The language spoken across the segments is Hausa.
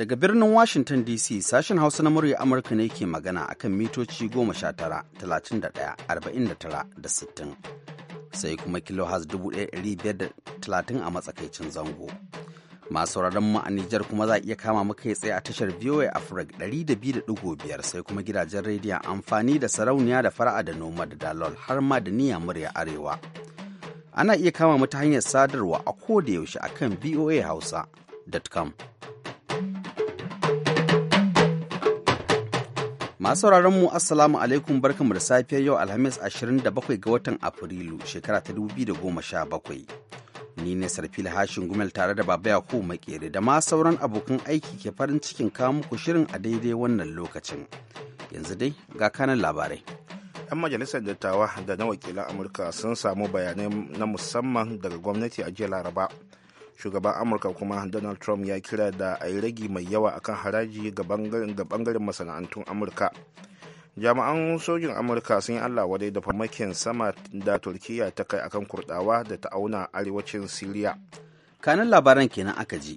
Daga birnin Washington DC sashen Hausa na murya Amurka ne ke magana akan mitoci 19, 31, 49 da 60. Sai kuma kilohaz 1530 a matsakaicin zango. Masu mu a kuma za a iya kama maka tsaye a tashar VOA Africa 200.5 sai kuma gidajen rediyon amfani da sarauniya da fara'a da noma da dalol har ma da niyya murya arewa. Ana iya kama mu ta hanyar sadarwa a koda yaushe akan voahausa.com. Masu sauraron mu Assalamu alaikum barkanmu da safiyar yau Alhamis 27 ga watan Afrilu shekara ta 2017. Ni ne Sarfil Hashin Gumel tare da Baba ko Makere da ma sauran abokan aiki ke farin cikin kawo muku shirin a daidai wannan lokacin. Yanzu dai ga kanan labarai. 'Yan majalisar dattawa da na wakilan Amurka sun samu bayanai na musamman daga gwamnati a jiya Laraba. shugaban amurka kuma donald trump ya kira da a yi ragi mai yawa akan haraji ga bangaren masana'antun amurka jami'an sojin amurka sun yi allah wadai da farmakin sama da turkiya ta kai akan kurdawa da ta auna arewacin siriya kanan labaran kenan aka ji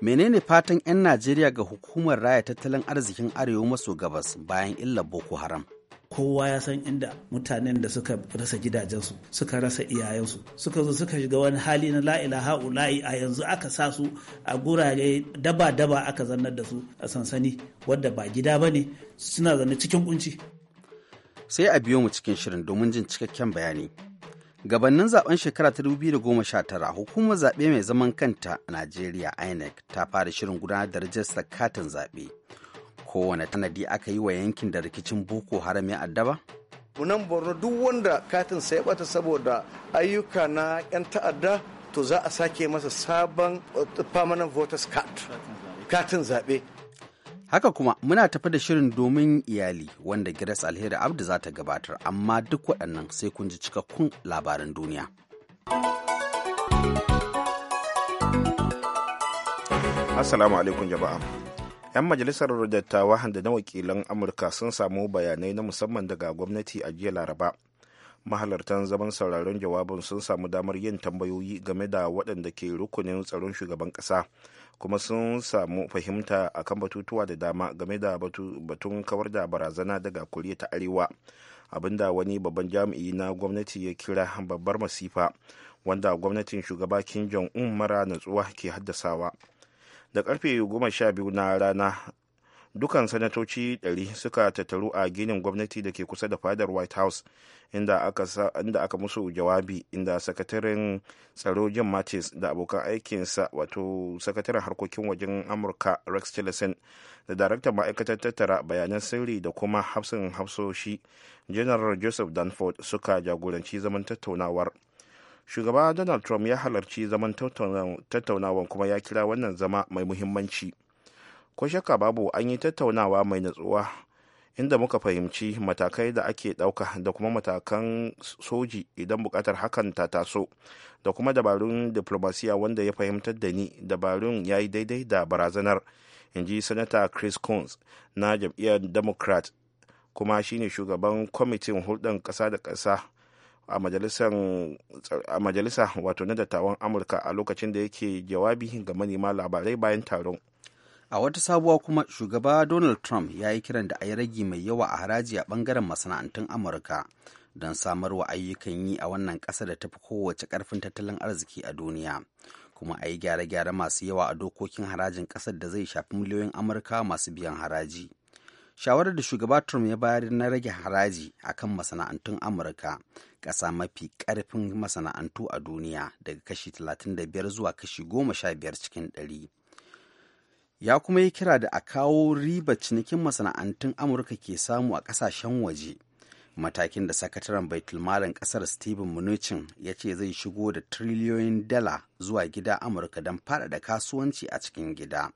menene fatan 'yan najeriya ga hukumar raya tattalin arzikin arewa maso gabas bayan illar boko haram kowa ya san inda mutanen da suka rasa gidajensu suka rasa iyayensu suka zo suka shiga wani hali na la'ila ha'ula'i a yanzu aka sa su a gurare daba-daba aka zannar da su a sansani wadda ba gida ba ne suna zanne cikin kunci sai a biyo mu cikin shirin domin jin cikakken bayani gabanin zaben shekara ta 2019 hukumar zaɓe mai zaman kanta a najeriya inec ta fara shirin gudanar da rajistar katin zaɓe kowane tanadi aka yi wa yankin da rikicin boko haram ya addaba? nan borno duk wanda katin sai bata saboda ayyuka na 'yan ta'adda to za a sake masa sabon uh, permanent voters card katin zaɓe haka kuma muna tafi da shirin domin iyali wanda grace alheri abdu za ta gabatar amma duk waɗannan sai kun ji cikakkun labaran duniya assalamu alaikum jama'a 'yan majalisar dattawa da na wakilan amurka sun samu bayanai na musamman daga gwamnati a jiya laraba mahalartan zaman sauraron jawabin sun samu damar yin tambayoyi game da waɗanda ke rukunin tsaron shugaban ƙasa kuma sun samu fahimta akan batutuwa da dama game da batun kawar da barazana daga koriya ta arewa abinda wani babban jami'i na gwamnati ya kira babbar masifa wanda gwamnatin shugaba kim jong un mara natsuwa ke haddasawa da karfe 12 na rana dukan sanatoci 100 suka tattaru a ginin gwamnati da ke kusa da fadar white house inda aka, inda aka musu jawabi inda sakataren tsaro jim mattis da abokan aikinsa wato sakataren harkokin wajen amurka rex tillerson da daraktan ma'aikatar tattara bayanan sirri da kuma hafsin hafsoshi general joseph danford suka jagoranci zaman tattaunawar shugaba donald trump ya halarci zaman tattaunawan kuma ya kira wannan zama mai muhimmanci ko shakka babu an yi tattaunawa mai natsuwa inda muka fahimci matakai da ake ɗauka da kuma matakan soji idan buƙatar hakan ta taso da kuma dabarun diplomasiya wanda ya fahimtar da ni dabarun ya yi daidai da barazanar in ji sanata chris coons na jam'iyyar democrat kuma shine shugaban kwamitin hulɗar ƙasa da ƙasa a majalisa wato na dattawan amurka a lokacin da yake jawabi ga manema labarai bayan taron a wata sabuwa kuma shugaba donald trump ya yi kiran da a yi ragi mai yawa a haraji a bangaren masana'antun amurka don samar wa ayyukan yi a wannan ƙasa da tafi kowace ƙarfin tattalin arziki a duniya kuma a yi gyare-gyare masu yawa a dokokin harajin ƙasar da zai shafi miliyoyin amurka masu biyan haraji shawarar da shugaba trump ya bayar na rage haraji a kan masana'antun amurka ƙasa mafi ƙarfin masana'antu a duniya daga kashi 35 zuwa kashi 15 cikin 100 ya kuma yi kira da a kawo riba cinikin masana'antun amurka ke samu a ƙasashen waje matakin da sakataren baitulmalin ƙasar steven mnuchin ya ce zai shigo da triliyoyin dala zuwa gida amurka don faɗaɗa kasuwanci a cikin gida.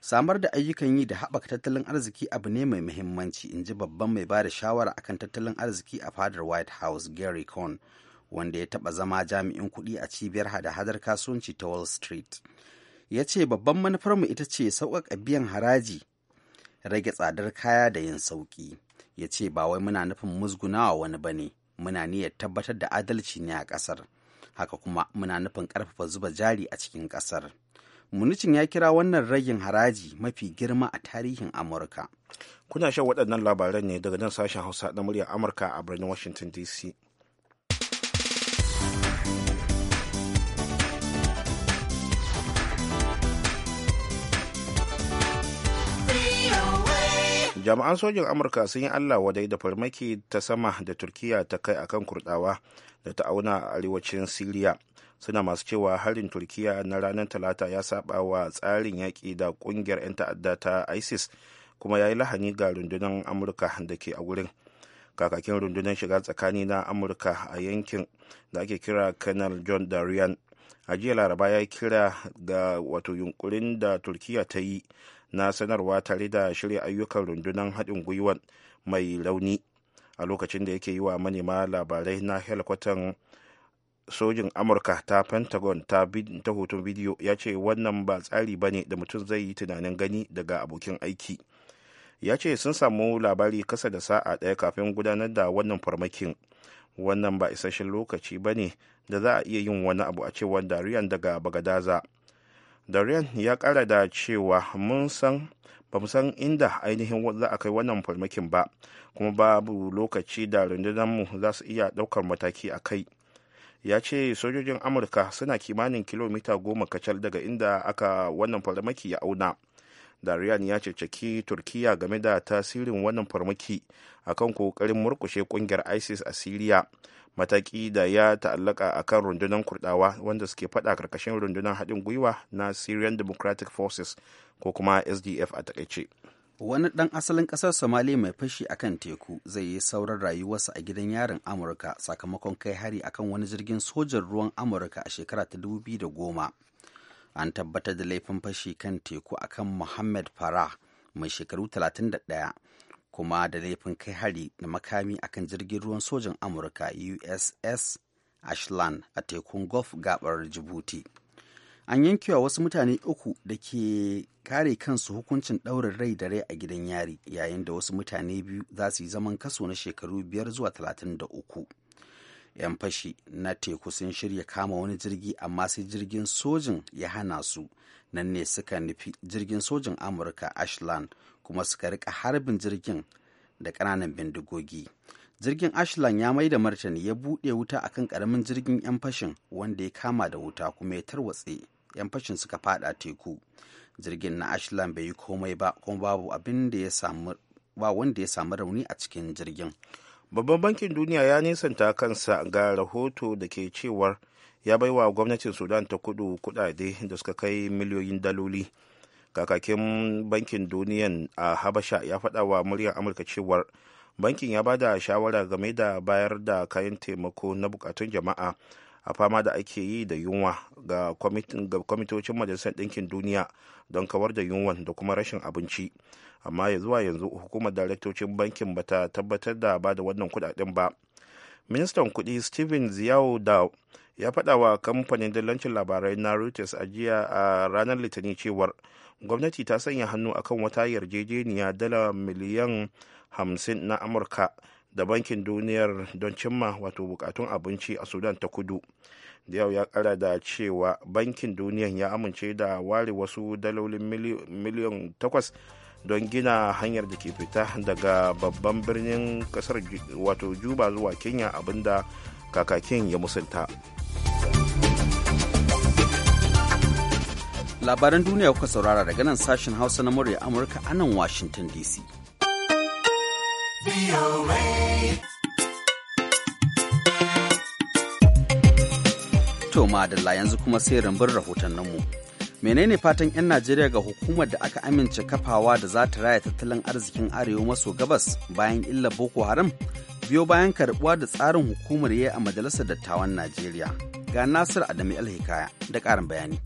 samar da ayyukan yi da haɓaka tattalin arziki abu ne mai muhimmanci in ji babban mai bada shawara akan tattalin arziki a fadar white house gary cohn wanda ya taɓa zama jami'in kuɗi a cibiyar hada-hadar kasuwanci ta wall street ya ce babban manufarmu ita ce sauƙaƙa biyan haraji rage tsadar kaya da yin sauƙi ya ce ba wai muna nufin musgunawa wani ba ne muna niyyar tabbatar da adalci ne a ƙasar haka kuma muna nufin ƙarfafa zuba jari a cikin ƙasar. municin ya kira wannan ragin haraji mafi girma a tarihin amurka kuna shan waɗannan labaran ne daga nan sashen hausa na murya amurka a birnin washington dc jami'an sojin amurka sun yi allah wadai da farmaki ta sama da turkiya ta kai akan kurdawa da ta auna a arewacin siriya suna masu cewa harin turkiya na ranar talata ya saba wa tsarin yaƙi da ƙungiyar 'yan ta'adda ta isis kuma ya yi lahani ga rundunar amurka da ke a wurin kakakin rundunar shiga tsakani na amurka a yankin da ake kira kanal john darian a jiya laraba ya kira ga wato yunkurin da turkiya ta yi na sanarwa tare da shirya ayyukan rundunar haɗin gwiwa mai rauni a lokacin da yake yi wa manema labarai na helikwatan sojin amurka ta pentagon ta, ta hoton bidiyo ya ce wannan ba tsari ba ne da mutum zai yi tunanin gani daga abokin aiki ya ce sun samu labari kasa da sa'a ɗaya kafin gudanar da wannan farmakin wannan ba isasshen lokaci ba ne da za a iya yin wani abu a cewar dariyan daga bagadaza dariyan ya kara da cewa mun san ba san inda ainihin za a kai wannan farmakin ba kuma babu lokaci da rundunanmu za su iya ɗaukar mataki a kai ya ce sojojin amurka suna kimanin kilomita goma kacal daga inda aka wannan farmaki ya auna darian ya ceceki turkiya game da tasirin wannan farmaki a kan kokarin murkushe kungiyar isis a siriya mataki da ya ta'allaka a kan rundunar kurdawa wanda suke fada karkashin rundunar haɗin gwiwa na syrian democratic forces ko kuma sdf a takaice wani ɗan asalin ƙasar somali mai fashi akan teku zai yi sauran rayuwarsa a gidan yarin amurka sakamakon kai hari akan wani jirgin sojan ruwan amurka a shekara ta 2010 an tabbatar da laifin fashi kan teku akan muhammad farah mai shekaru 31 kuma da laifin kai hari na makami akan jirgin ruwan sojan amurka uss ashland a tekun gulf gabar jibuti an yanke wa wasu mutane uku da ke kare kansu hukuncin ɗaurin rai da rai a gidan yari yayin da wasu mutane biyu za su yi zaman kaso na shekaru biyar zuwa talatin da uku yan fashi na teku sun shirya kama wani jirgi amma sai jirgin sojin ya hana su nan ne suka nufi jirgin sojin amurka ashland kuma suka rika harbin jirgin da ƙananan bindigogi jirgin ashland ya mai da martani ya buɗe wuta akan ƙaramin jirgin 'yan fashin wanda ya kama da wuta kuma ya tarwatse 'yan fashin suka fada teku jirgin na ashland bai yi komai ba kuma babu abin da ya samu ba wanda ya samu rauni a cikin jirgin babban bankin duniya ya nisanta kansa ga rahoto da ke cewar ya bai wa gwamnatin sudan ta kudu kudade da suka kai miliyoyin daloli kakakin bankin duniyan a habasha ya faɗa wa muryar amurka cewar bankin ya bada shawara game da bayar da kayan taimako na bukatun jama'a a fama da ake yi da yunwa ga kwamitocin majalisar ɗinkin duniya don kawar da yunwan da kuma rashin abinci amma ya zuwa yanzu hukumar daraktocin bankin bata tabbatar da ba da wannan kudaden ba ministan kudi steven ziyao da ya faɗa wa kamfanin dillancin labarai na reuters a jiya a ranar litinin cewar gwamnati ta sanya hannu akan wata yarjejeniya dala miliyan 50 na amurka da bankin duniyar don cimma wato bukatun abinci a sudan ta kudu da yau ya kara da cewa bankin duniyan ya amince da ware wasu dalolin miliyan takwas don gina hanyar da ke fita daga babban birnin kasar wato juba zuwa kenya abinda kakakin ya musulta labaran duniya kuka saurara daga nan sashen hausa na murya amurka a nan washington dc To madalla yanzu kuma sai rumbun rahotanninmu. Menene fatan 'yan Najeriya ga hukumar da aka amince kafawa da za ta raya tattalin arzikin arewa maso gabas bayan illa Boko Haram? Biyo bayan karbuwa da tsarin hukumar yayi a Majalisar Dattawan Najeriya. Ga Nasir Adami Alhikaya da ƙarin bayani.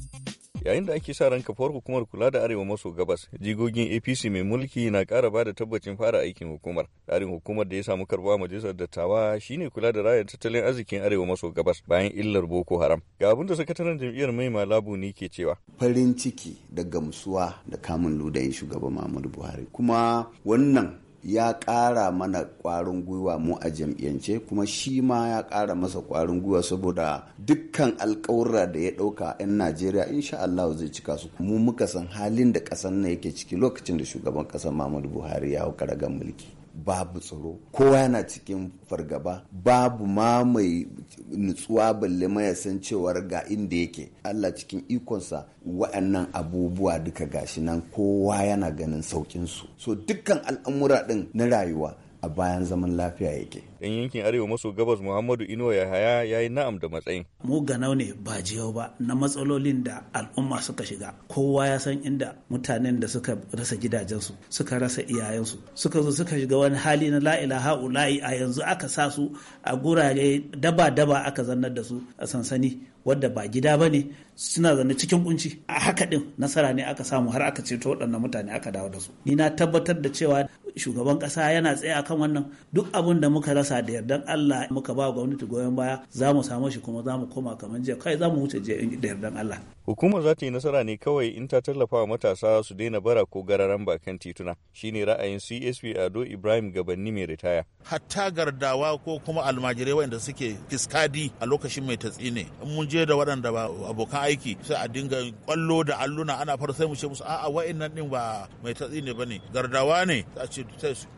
Yayin da ake sa ran kafawar hukumar kula da Arewa maso gabas, jigogin APC mai mulki na kara ba da tabbacin fara aikin hukumar. Tsarin hukumar da ya samu karbuwa majalisar dattawa shine kula da rayar tattalin arzikin Arewa maso gabas bayan illar Boko Haram. Ga abin da sakataren jam'iyyar mai malabu ne ke cewa. Farin ciki da gamsuwa da kamun ludayin shugaban Muhammadu Buhari. Kuma wannan ya ƙara mana ƙwarin gwiwa mu a jam'iyyance kuma shi ma ya ƙara masa ƙwarin gwiwa saboda dukkan alƙawurra da ya ɗauka 'yan najeriya insha Allah zai cika su mu muka san halin da ƙasar na yake ciki lokacin da shugaban ƙasar muhammadu buhari ya hau karagan mulki babu tsaro kowa yana cikin fargaba babu ma mai nutsuwa balle ma san cewar ga inda yake Allah cikin ikonsa wa'annan abubuwa duka gashi nan kowa yana ganin saukin su so dukkan al'amura din na rayuwa a bayan zaman lafiya yake dan yankin arewa maso gabas muhammadu inuwa yahaya ya yi na'am da matsayin mu ganau ne ba jiyau ba na matsalolin da al'umma suka shiga kowa ya san inda mutanen da suka rasa gidajensu suka rasa iyayensu suka zo suka shiga wani hali na la'ila ha'ula'i a yanzu aka sa su a gurare daba-daba aka zannar da su a sansani wadda ba gida ba ne suna zane cikin kunci a haka din nasara ne aka samu har aka ceto waɗannan mutane aka dawo da su ni na tabbatar da cewa shugaban ƙasa yana tsaye akan wannan duk abin da muka rasa sa da yardan Allah muka ba gwamnati goyon baya za mu samu shi kuma za mu koma kamar jiya kai za mu wuce jiya da yardan Allah Hukumar za ta yi nasara ne kawai in ta tallafa wa matasa su daina bara ko gararan bakan tituna. Shine ra'ayin CSP Ado Ibrahim Gabanni mai ritaya. Hatta gardawa ko kuma almajirai waɗanda suke fiskadi a lokacin mai tatsi ne. In mun je da waɗanda ba abokan aiki sai a dinga kwallo da alluna ana fara sai mu ce musu a'a wa'annan din ba mai tatsi ne bane. Gardawa ne a ce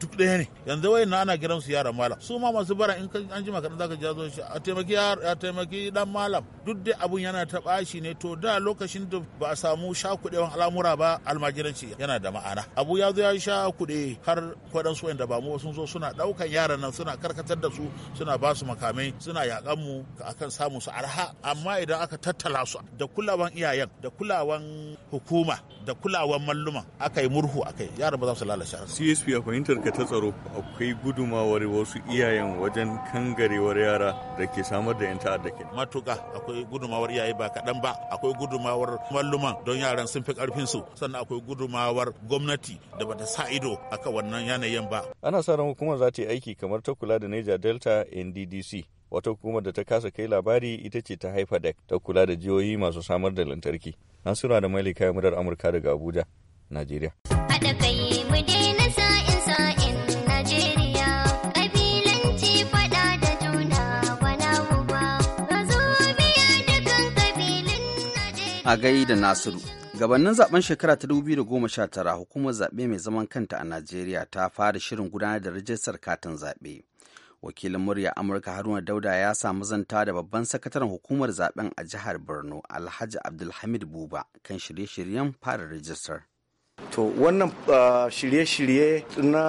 duk ɗaya ne. Yanzu wa'annan ana kiran su yara malam. Su ma masu bara in an jima kaɗan zaka ji a taimaki a taimaki dan malam. Duk dai abun yana taɓa shi ne to da yasa lokacin da ba a samu sha kuɗewan al'amura ba almajiranci yana da ma'ana abu ya zo ya sha kuɗe har su da ba mu sun zo suna ɗaukan yaran nan suna karkatar da su suna ba su makamai suna yaƙan mu akan samu su arha amma idan aka tattala su da kulawan iyayen da kulawan hukuma da kulawan malluma aka yi murhu a kai yaran ba za su lalace CSP a fahimtar ka ta tsaro akwai gudumawar wasu iyayen wajen kangarewar yara da ke samar da 'yan ta'adda ke matuƙa akwai gudumawar iyaye ba kaɗan ba akwai gudumawar malluman don yaran sun fi karfin su sannan akwai gudumawar gwamnati da bata sa ido akan wannan yanayin ba ana sa ran hukumar za ta yi aiki kamar ta kula da Niger Delta NDDC wata hukumar da ta kasa kai labari ita ce ta haifa da e ta kula da jihohi masu samar da lantarki nasura da mailika murar amurka daga abuja najeriya agai da Nasiru. Gabannin zaben shekara ta 2019 hukumar zaɓe mai zaman kanta a Najeriya ta fara shirin gudanar da rajistar katin zaɓe. Wakilin murya Amurka Haruna Dauda ya samu zanta da babban sakataren hukumar zaben a jihar Borno Alhaji Abdulhamid Buba kan shirye-shiryen fara rajistar. To wannan ah, shirye-shirye na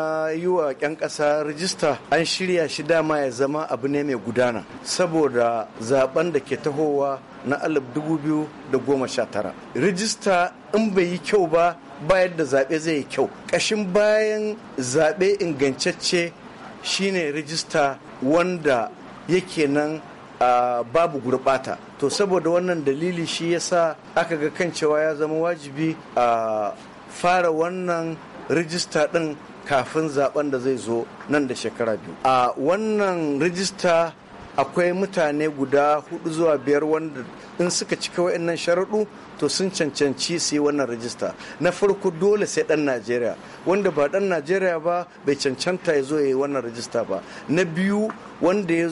yi wa 'yan ƙasa rijista an shirya shi dama ya zama abu ne mai gudana saboda zaben da ke tahowa na dubu biyu da goma sha tara. Rijista in bai yi kyau ba bayan da zaɓe zai yi kyau. Ƙashin bayan zaɓe ingancacce shine rijista wanda yake nan Uh, babu gurɓata to saboda wannan dalili shi yasa aka ga kan cewa ya zama wajibi a ah, fara wannan rijista ɗin kafin zaben da zai zo nan da shekara biyu a wannan rijista akwai mutane guda hudu zuwa biyar wanda in suka cika wa'annan sharaɗu to sun cancanci su yi wannan rajista na farko dole sai ɗan najeriya wanda ba ɗan najeriya ba bai cancanta ya zo ya yi wannan rajista ba na biyu wanda ya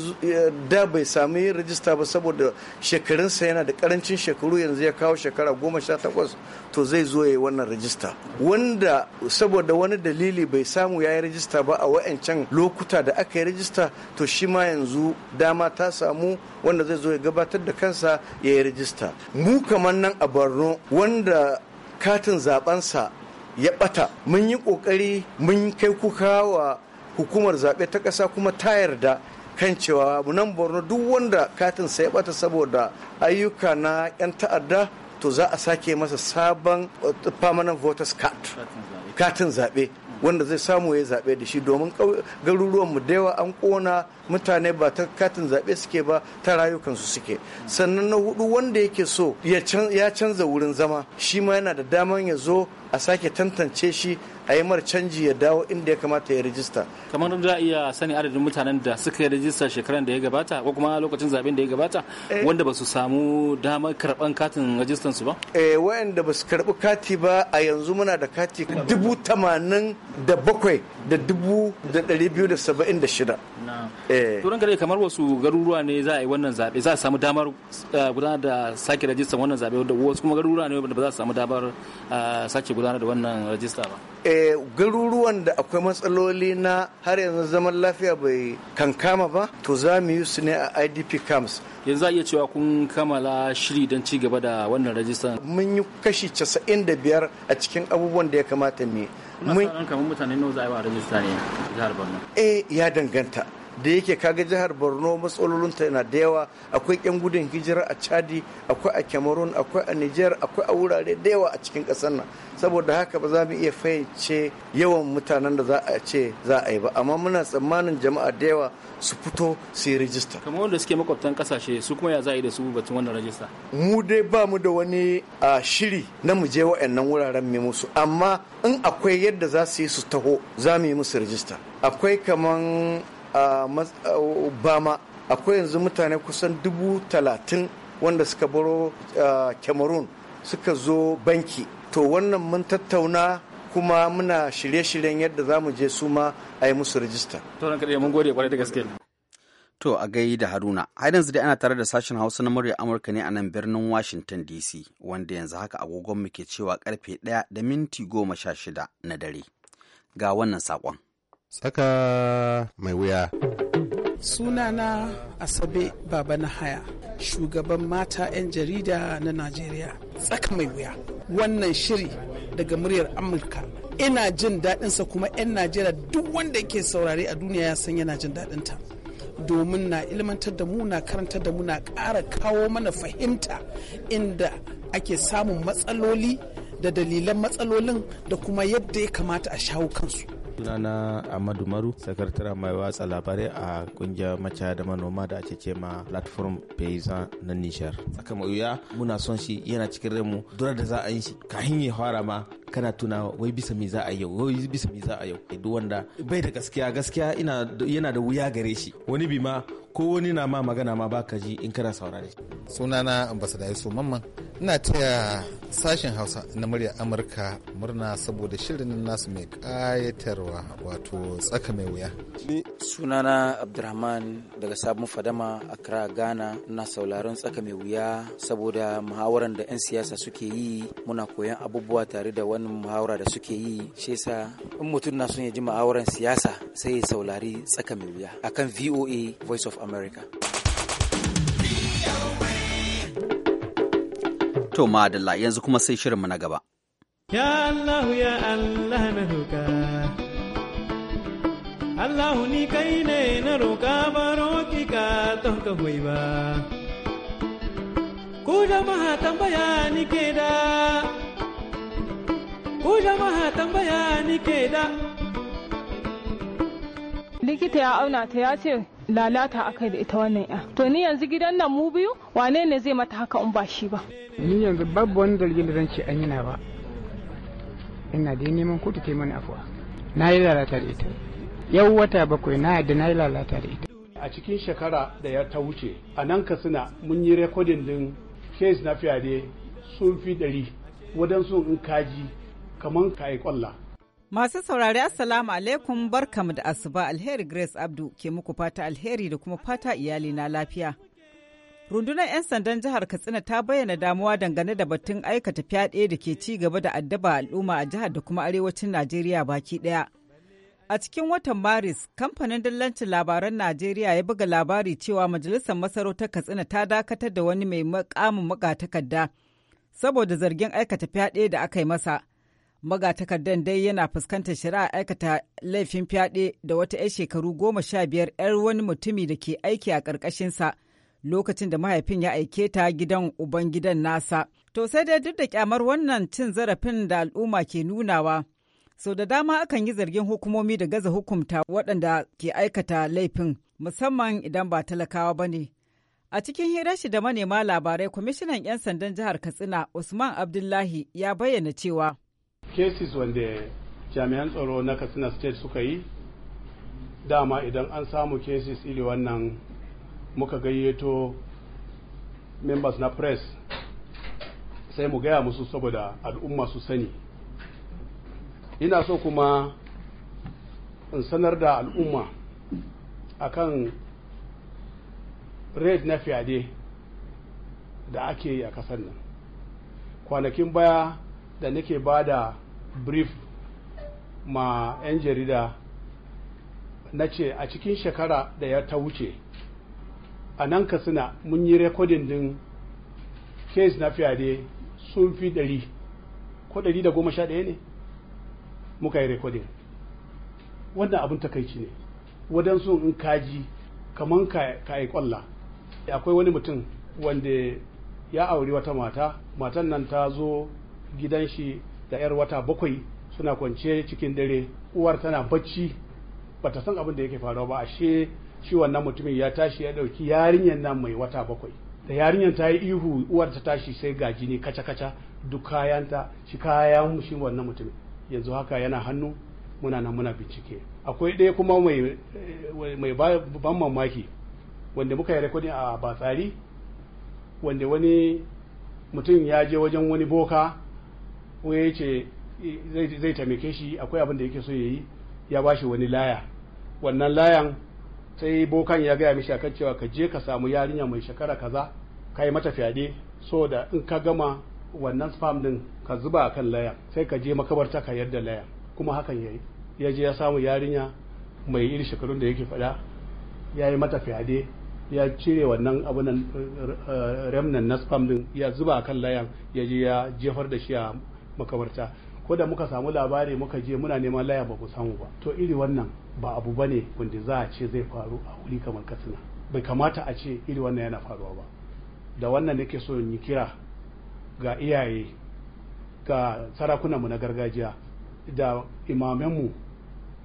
da bai sami yin rajista ba saboda shekarunsa yana da karancin shekaru yanzu ya kawo shekara goma sha takwas to zai zo ya yi wannan rajista wanda saboda wani dalili bai samu ya yi rajista ba a wa'ancan lokuta da aka yi rajista to shi ma yanzu dama ta samu wanda zai zo ya gabatar da kansa ya yi rajista mu kamar nan a borno wanda katin sa ya bata mun yi kokari mun kai kuka wa hukumar zaɓe ta ƙasa kuma ta yarda kan cewa nan borno duk wanda katin sai bata saboda ayyuka na 'yan ta'adda to za a sake masa sabon uh, permanent voters card katin zaɓe wanda zai samu ya zaɓe da shi domin garuruwan mu da yawa an ƙona mutane ba ta katin zaɓe suke ba ta rayukansu suke sannan na hudu wanda yake so ya canza wurin zama shi ma yana da daman ya zo a sake tantance shi a yi mar canji ya dawo inda ya kamata ya rijista kamar da iya sani adadin mutanen da suka yi rijista shekaran da ya gabata ko kuma lokacin zaben da ya gabata eh. wanda ba su samu damar karban katin rajistan su ba eh wayanda ba su karbi kati ba a yanzu muna da kati dubu tamanin da bakwai da dubu da ɗari biyu da saba'in da shida Eh. turan gare kamar wasu garuruwa ne za a yi wannan zaɓe za a samu damar eh, gudanar da sake rajistar wannan zaɓe wasu kuma garuruwa ne ba za a samu damar eh, sake gudanar da wannan rajista ba Eh, garuruwan da akwai matsaloli na har yanzu zaman lafiya bai kankama ba to za mu yi su ne a idp camps yanzu a iya cewa kun kammala shiri don ci gaba da wannan rajistan mun yi kashi 95 a cikin abubuwan da ya kamata mu yi mun kamar mutane nawa za a yi wa rajista ne jihar borno eh ya danganta da yake kaga jihar borno matsalolinta yana da yawa akwai yan gudun hijira a chadi akwai a cameroon akwai a niger akwai a wurare da yawa a cikin ƙasar nan saboda haka ba za mu iya fahimce yawan mutanen da za a ce za a yi ba amma muna tsammanin jama'a da yawa su fito su yi rijista kamar wanda suke makwabtan kasashe su kuma ya za a yi da su batun wannan rajista mu dai ba mu da wani a shiri na mu je wa'annan wuraren mai musu amma in akwai yadda za su yi su taho za mu yi musu rijista akwai kaman obama akwai yanzu mutane kusan dubu talatin wanda suka baro cameroon suka zo banki to wannan mun tattauna kuma muna shirye-shiryen yadda za mu je su ma a yi musu rajista. To ran mun gode kwarai da gaske. To a gai da Haruna, har yanzu dai ana tare da sashen Hausa na murya Amurka ne a nan birnin Washington DC, wanda yanzu haka agogon mu ke cewa karfe ɗaya da minti goma sha shida na dare. Ga wannan saƙon. tsaka mai wuya. Sunana Asabe Baba na haya, shugaban mata 'yan jarida na Najeriya. Tsaka mai wuya. Wannan shiri daga muryar Amurka. Ina jin daɗinsa kuma 'yan Najeriya duk wanda yake saurare a duniya ya san yana jin daɗinta. Domin na ilmantar da mu na karantar da mu na ƙara kawo mana fahimta inda ake samun matsaloli da dalilan matsalolin da kuma yadda ya kamata a shawo kansu. sunana amadu maru sakataren mai watsa labarai a kungiyar maca da manoma da ake ce ma platform paysan na nishar tsaka mai wuya muna son shi yana cikin mu. dura da za a yi shi kahin ya fara ma kana tuna wai bisa me za a yau wai bisa me za a yau duk wanda bai da gaskiya gaskiya ina yana da wuya gare shi wani bi ma ko wani na ma magana ma baka ji in kana saurari. sunana ambassador Yusuf Mamman ina taya sashen hausa na murya amurka murna saboda shirin nasu mai kayatarwa wato tsaka mai wuya sunana abdulrahman daga sabon fadama a accra ghana na sauraron tsaka mai wuya saboda muhawaran da 'yan siyasa suke yi muna koyan abubuwa tare da wani muhawara da suke yi shesa in mutum na son ya ji muhawaran siyasa sai ya saurari tsaka mai wuya akan voa voice of america To madalla yanzu kuma sai shirinmu na gaba. Ya Allah ya Allah na roƙa. Allah ni kai ne na roƙa ba roƙi ka don ka ba. Ku jama'a tambaya ni ke da. Ku jama'a tambaya ni ke da. Likita ya auna ta ya ce lalata akai da ita wannan ya to ni yanzu gidan nan mu biyu wane ne zai mata haka in ba shi ba ni yanzu babu wani zargin da zan ce an yana ba ina da neman kotu ta mana afuwa na yi lalata da ita yau wata bakwai na yadda na yi lalata da ita a cikin shekara da ya ta wuce a nan katsina mun yi rekodin din kes na fiyade sun fi ɗari wadansu in kaji kamar ka yi kwalla Masu saurari Assalamu alaikum barkamu da asuba alheri Grace Abdu ke muku fata alheri da kuma fata iyali na lafiya. Rundunar 'yan sandan jihar Katsina ta bayyana damuwa dangane da batun aikata fyaɗe da ke ci gaba da addaba al'umma a jihar da kuma arewacin Najeriya baki ɗaya. A cikin watan Maris, kamfanin dillancin labaran Najeriya ya buga labari cewa majalisar masarautar Katsina ta dakatar da wani mai makamin magatakarda saboda zargin aikata fyaɗe da aka yi masa. magatakardan dai yana fuskantar shari'a aikata laifin fyaɗe da wata 'yar shekaru goma sha biyar 'yar wani mutumi da ke aiki a ƙarƙashinsa lokacin da mahaifin ya aike ta gidan uban gidan nasa. To sai dai duk da kyamar wannan cin zarafin da al'umma ke nunawa, sau da dama akan yi zargin hukumomi da gaza hukumta waɗanda ke aikata laifin musamman idan ba talakawa ba ne. A cikin hirar shi da manema labarai, kwamishinan 'yan sandan jihar Katsina Usman Abdullahi ya bayyana cewa. cases wanda jami'an tsaro na katsina state suka yi dama idan an samu cases iri wannan muka gayyato members na press sai mu gaya musu saboda al'umma su sani ina so kuma in sanar da al'umma akan red na fyade da ake yi a kasar nan kwanakin baya da nake ba da brief ma 'yan jarida na ce a cikin shekara da ya ta wuce a nan ka suna mun yi rekodin din case na fiyade sun fi ɗari ko ɗari da goma sha ɗaya ne muka yi rekodin wannan abin takaici ne waɗansu in kaji kaman ka yi kwalla akwai wani mutum wanda ya auri wata mata matan nan ta zo gidan shi da 'yar wata bakwai suna kwance cikin dare uwar tana bacci bata san abin da yake faruwa ba ashe shi wannan mutumin ya tashi ya dauki yarinyar nan mai wata bakwai da yarinyar ta yi ihu uwar ta tashi sai ga jini kaca kaca duk kayanta shi kayan shi wannan mutumin yanzu haka yana hannu muna nan muna bincike akwai ɗaya kuma mai mai ban mamaki wanda muka yi rekodin a batsari wanda wani mutum ya je wajen wani boka kuma ya ce eh, zai taimake shi akwai abin da yake so ya yi ya ba shi wani laya wannan layan sai bokan ya gaya mishi akan cewa ka je ka samu yarinya mai shekara kaza ka yi mata fyaɗe so da in ka gama wannan spam din ka zuba a kan layan sai ka je makabarta ka yarda layan kuma hakan ya yi ya je ya samu yarinya mai iri shekarun da yake faɗa ya yi mata fyaɗe ya cire wannan abunan eh, eh, remnant na spam din ya zuba a kan layan ya je ya jefar da shi a makabarta ko da muka samu labari muka je muna neman laya ba ku samu ba to iri wannan ba abu ba ne wanda za a ce zai faru a wuri kamar katsina bai kamata a ce iri wannan yana faruwa ba da wannan nake so yi kira ga iyaye ga sarakunanmu na gargajiya da imamanmu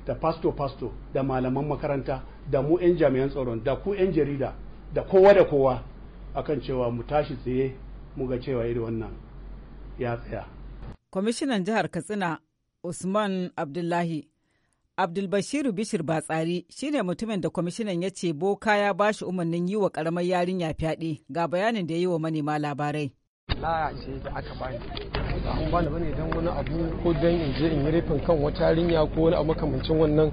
da pasto pasto da malaman makaranta da mu 'yan jami'an tsaron da ku 'yan jarida da kowa da kowa akan cewa mu tashi tsaye mu ga cewa iri wannan ya tsaya kwamishinan jihar katsina usman abdullahi abdulbashiru bishir batsari shine mutumin da kwamishinan ya ce boka ya ba shi umarnin yi wa karamar yarinya fyaɗe ga bayanin da ya yi wa manema labarai laya ce da aka bani ba an bani bane don wani abu ko don in je in yi rafin kan wata yarinya ko wani abu makamancin wannan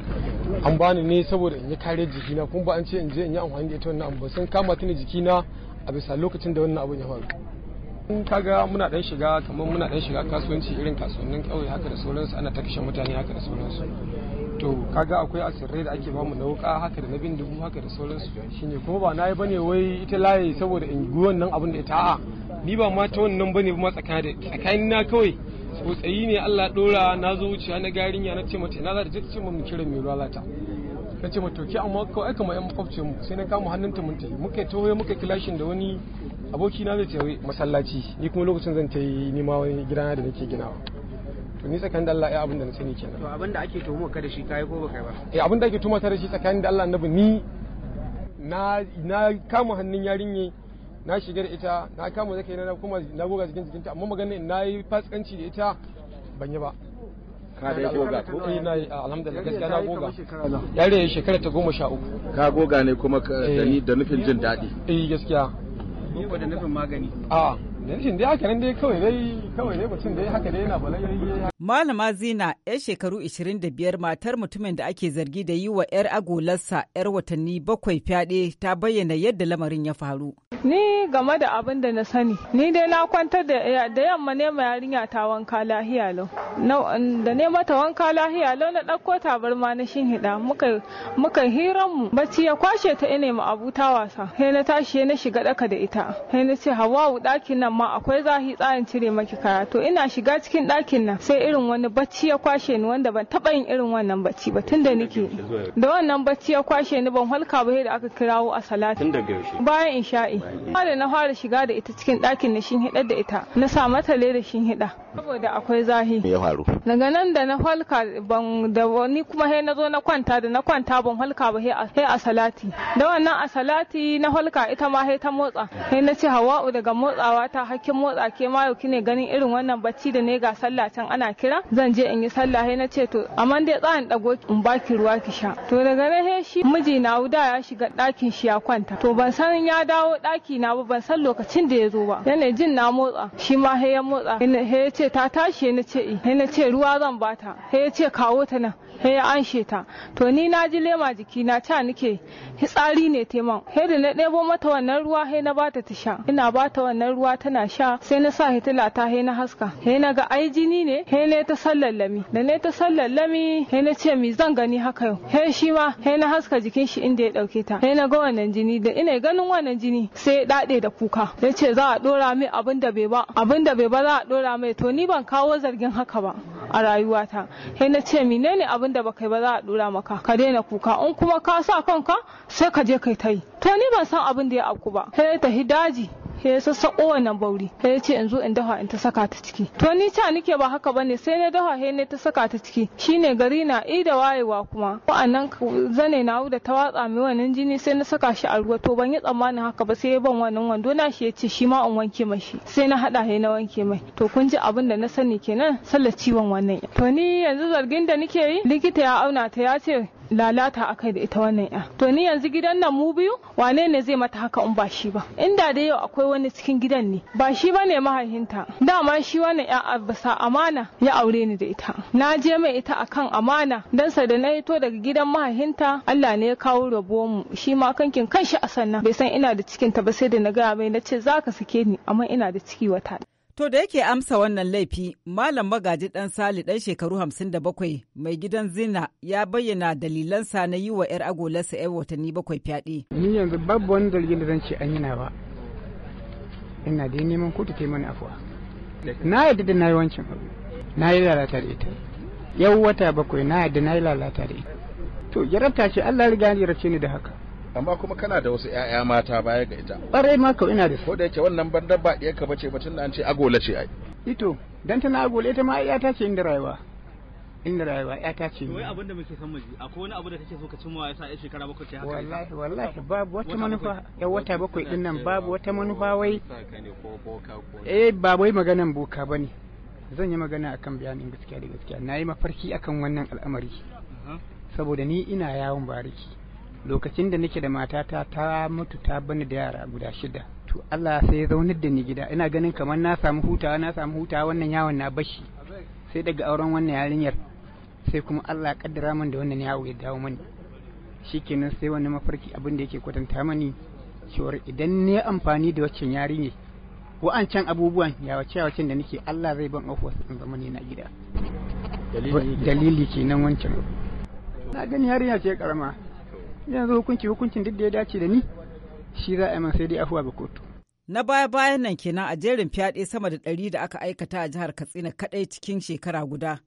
an bani ne saboda in yi kare jikina kuma ba an ce in je in yi amfani da ita wannan abu sun kama ta jikina a bisa lokacin da wannan abun ya faru in kaga muna dan shiga kamar muna dan shiga kasuwanci irin kasuwannin kauye haka da sauransu ana ta kashe mutane haka da sauransu to kaga akwai asirrai da ake bamu na wuka haka da na bin dubu haka da sauransu shine kuma ba nayi bane wai ita laye saboda in guwan wannan abin da ita a'a ni ba ma ta wannan bane ba tsakani tsakanin na kawai tsotsayi ne Allah dora na zo wuciya na garinya na ce mata ina za ta je ta ce mun kira mai ruwa ta na ce mata to ke amma kawai kamar yan makwabcin mu sai na kama hannunta mun tafi muka tohe muka kilashin da wani abokina zai tafi masallaci ni kuma lokacin zan ta yi nima wani gidana da nake ginawa to ni tsakanin da Allah ya abin da na sani kenan to abin da ake tuhuma ka da shi kai ko baka ba eh abin da ake tuhuma ta da shi tsakanin da Allah annabi ni na na kama hannun yarinye na shiga da ita na kama zaka na kuma na goga jikin jikinta amma maganar na yi fasikanci da ita ban yi ba ka da goga ko eh na alhamdulillah gaskiya na goga yare shekara ta goma sha uku ka goga ne kuma da da nufin jin daɗi eh gaskiya ni ba da nufin magani ah. Shin dai haka dai kawai dai Malama Zina yar shekaru 25 matar mutumin da ake zargi da yi wa yar agolarsa yar watanni bakwai fyaɗe ta bayyana yadda lamarin ya faru. Ni game da abin da na sani, ni dai na kwantar da eh, yamma ne ma yarinya ta wanka lahiya lau. Da ne mata wanka lahiya lau na ɗauko tabarma na shin hida muka muka hiran mu bacci ya kwashe ta inema ma ta wasa. Sai na tashi na shiga ɗaka da ita. Sai na ce Hawwa'u ɗakin nan amma akwai zahi tsarin cire maki kaya to ina shiga cikin ɗakin nan sai irin wani bacci ya kwashe ni wanda ban taɓa yin irin wannan bacci ba tun da nake da wannan bacci ya kwashe ni ban halka ba da aka kirawo a salati bayan insha'i da na fara shiga da ita cikin ɗakin na shin hidar da ita na sa mata da shin hida saboda akwai zahi ya faru daga nan da na halka ban da wani kuma he na zo na kwanta da na kwanta ban halka ba he a salati da wannan a salati na halka ita ma he ta motsa he na ce hawa'u daga motsawa ta hakin motsa ke ma yau kine ganin irin wannan bacci da ne ga sallah can ana kira zan je in yi sallah na ce to amma dai tsayin dago in baki ruwa ki sha to daga nan he shi miji na wuda ya shiga ɗakin shi ya kwanta to ban san ya dawo ɗaki na ba ban san lokacin da ya zo ba yana jin na motsa shi ma he ya motsa he ya ce ta tashi na ce he na ce eh. ruwa zan bata he ya ce kawo ta nan he ya anshe ta to ni na ji lema jiki na ca nike tsari ne teman he da na ɗebo mata wannan ruwa he na bata ta sha ina bata wannan ruwa tana yana sha sai na sa hitila ta he na haska he na ga ai jini ne he ne ta sallallami da ne ta sallallami he na ce mi zan gani haka yau he shi ma he na haska jikin shi inda ya dauke ta he na ga wannan jini da ina ganin wannan jini sai dade da kuka ya ce za a dora mai abin da bai ba abin da bai ba za a dora mai to ni ban kawo zargin haka ba a rayuwata he na ce ne abin da baka yi ba za a dora maka ka daina kuka in kuma ka sa kanka sai ka je kai ta yi to ni ban san abin da ya aku ba he ta hidaji ya sassa kowane bauri sai ya ce in zo in dafa in ta saka ta ciki to ni ca nike ba haka bane sai na dafa he ne ta saka ta ciki shine gari na i da wayewa kuma wa'annan zane na da ta watsa mai wannan jini sai na saka shi a ruwa to ban yi tsammanin haka ba sai ya ban wannan wando na shi ya ce shi ma in wanke mashi sai na hada he na wanke mai to kun ji abin da na sani kenan sallar ciwon wannan to ni yanzu zargin da nike yi likita ya auna ta ya ce lalata akai da ita wannan ya to ni yanzu gidan nan mu biyu wane ne zai mata haka in ba shi ba inda da yau akwai wani cikin gidan ne ba shi ba ne mahaihinta dama shi wannan ya abasa amana ya aure ni da ita na je mai ita akan amana dan sa da na hito daga gidan mahaihinta Allah ne ya kawo rabo mu shi ma kankin kanshi a sannan bai san ina da cikin ta ba sai da na gaya mai na ce zaka sake ni amma ina da ciki wata To da yake amsa wannan laifi, Malam Magaji ɗan Sali ɗan shekaru 57 mai gidan Zina ya bayyana dalilansa na yi wa 'yar agolarsa 'yar watanni bakwai fyaɗe. Ni yanzu babu wani dalilin da zan ce an yana ba. Ina dai neman kotu ta mana afuwa. Na yadda da na yi wancan abu. Na yi lalata da ita. Yau wata bakwai na yadda na yi lalata da ita. To jarabta ce Allah riga ya ni da haka. amma kuma kana da wasu ƴaƴa mata baya ga ita ɓarai ma kawai ina da ko da yake wannan bandar ba ɗiyar ka bace ba tunda an ce agola ce ai ito dan tana agola ita ma ta ce inda rayuwa inda rayuwa ta ce wai abin da muke son maji akwai wani abu da kake so ka cimma yasa shekara bakwai ce haka wallahi wallahi babu wata manufa ya wata bakwai din nan babu wata manufa wai eh ba wai maganan boka bane zan yi magana akan bayanin gaskiya da gaskiya na yi mafarki akan wannan al'amari saboda ni ina yawon bariki lokacin da nake da matata ta mutu ta bani da yara guda shida to Allah sai ya zaunar da ni gida ina ganin kamar na samu hutawa na samu hutawa wannan yawon na bashi sai daga auren wannan yarinyar sai kuma Allah ya kaddara min da wannan yawo ya dawo mani shikenan sai wani mafarki abin da yake kwatanta mani cewar idan ne amfani da waccan yarinya can abubuwan ya wace wace da nake Allah zai ban afuwa in zama na gida dalili kenan wancan na gani yarinya ce karama yanzu hukunci hukuncin duk da ya dace da ni shi za a yi sai dai afuwa ga kotu. Na baya bayan nan kenan a jerin fyaɗe sama da ɗari da aka aikata a jihar Katsina kaɗai cikin shekara guda.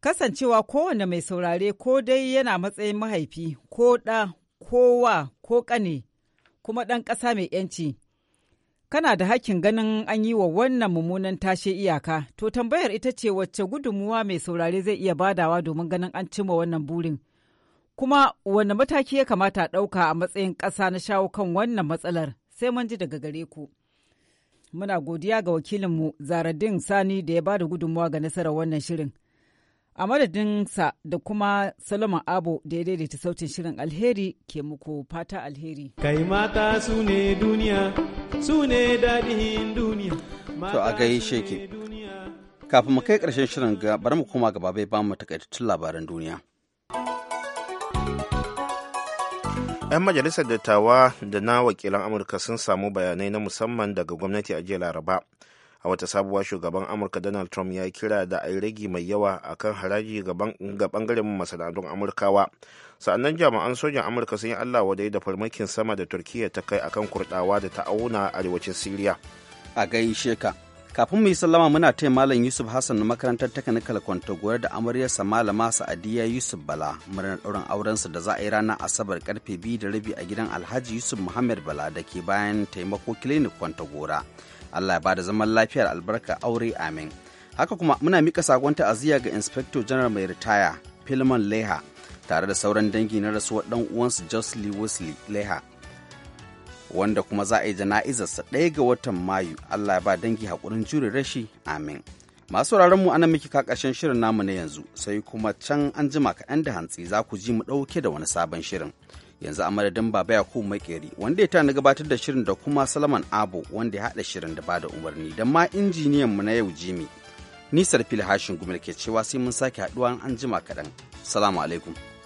Kasancewa kowane mai saurare ko dai yana matsayin mahaifi ko ɗa ko wa ko ƙane kuma ɗan ƙasa mai ‘yanci. Kana da hakkin ganin an yi wa wannan mummunan tashe iyaka, to tambayar ita ce wacce gudunmuwa mai saurare zai iya badawa domin ganin an cimma wannan burin. kuma wanne mataki ya kamata a ɗauka a matsayin ƙasa na shawo kan wannan matsalar sai mun ji daga gare ku. Muna godiya ga wakilinmu Zaradin Sani da ya bada gudunmawa ga nasarar wannan shirin. A madadinsa da kuma Salomon Abo da ya daidaita sautin shirin alheri ke muku fata alheri. Kai mata duniya, su daɗin duniya. To a Kafin mu kai ƙarshen shirin ga bari mu koma gaba bai ba mu takaitattun labaran duniya. 'Yan majalisar dattawa da na wakilan Amurka sun samu bayanai na musamman daga gwamnati a jiya Laraba. A wata sabuwa shugaban Amurka Donald Trump ya kira da a rage mai yawa a kan haraji ga bangaren masana'antun Amurkawa. Sa'annan jami'an sojan Amurka sun yi Allah wadai da farmakin sama da Turkiyya ta kai akan kurdawa da ta auna arewacin Siriya. A gaishe ka. kafin mu yi sallama muna taya malam yusuf hassan na makarantar technical kwantagowar da amaryarsa malama sa'adiyya yusuf bala murnar ɗaurin aurensa da za a yi rana asabar karfe biyu da rabi a gidan alhaji yusuf muhammad bala da ke bayan taimako clinic kwantagora allah ya bada zaman lafiyar albarka aure amin haka kuma muna mika sakon ta'aziyya ga inspector general mai ritaya filman leha tare da sauran dangi na rasuwar dan uwansu jos wesley leha wanda kuma za a yi sa ɗaya ga watan mayu allah ya ba dangi haƙurin jure rashi amin masu mu anan muke kakashin shirin namu na yanzu sai kuma can an jima kaɗan da hantsi za ku ji mu ɗauke da wani sabon shirin yanzu a madadin baba ya mai makeri wanda ya tana gabatar da shirin da kuma salaman abu wanda ya haɗa shirin da bada umarni da ma injiniyan mu na yau jimi nisar fil hashin gumil ke cewa sai mun sake haɗuwa an jima kaɗan salamu alaikum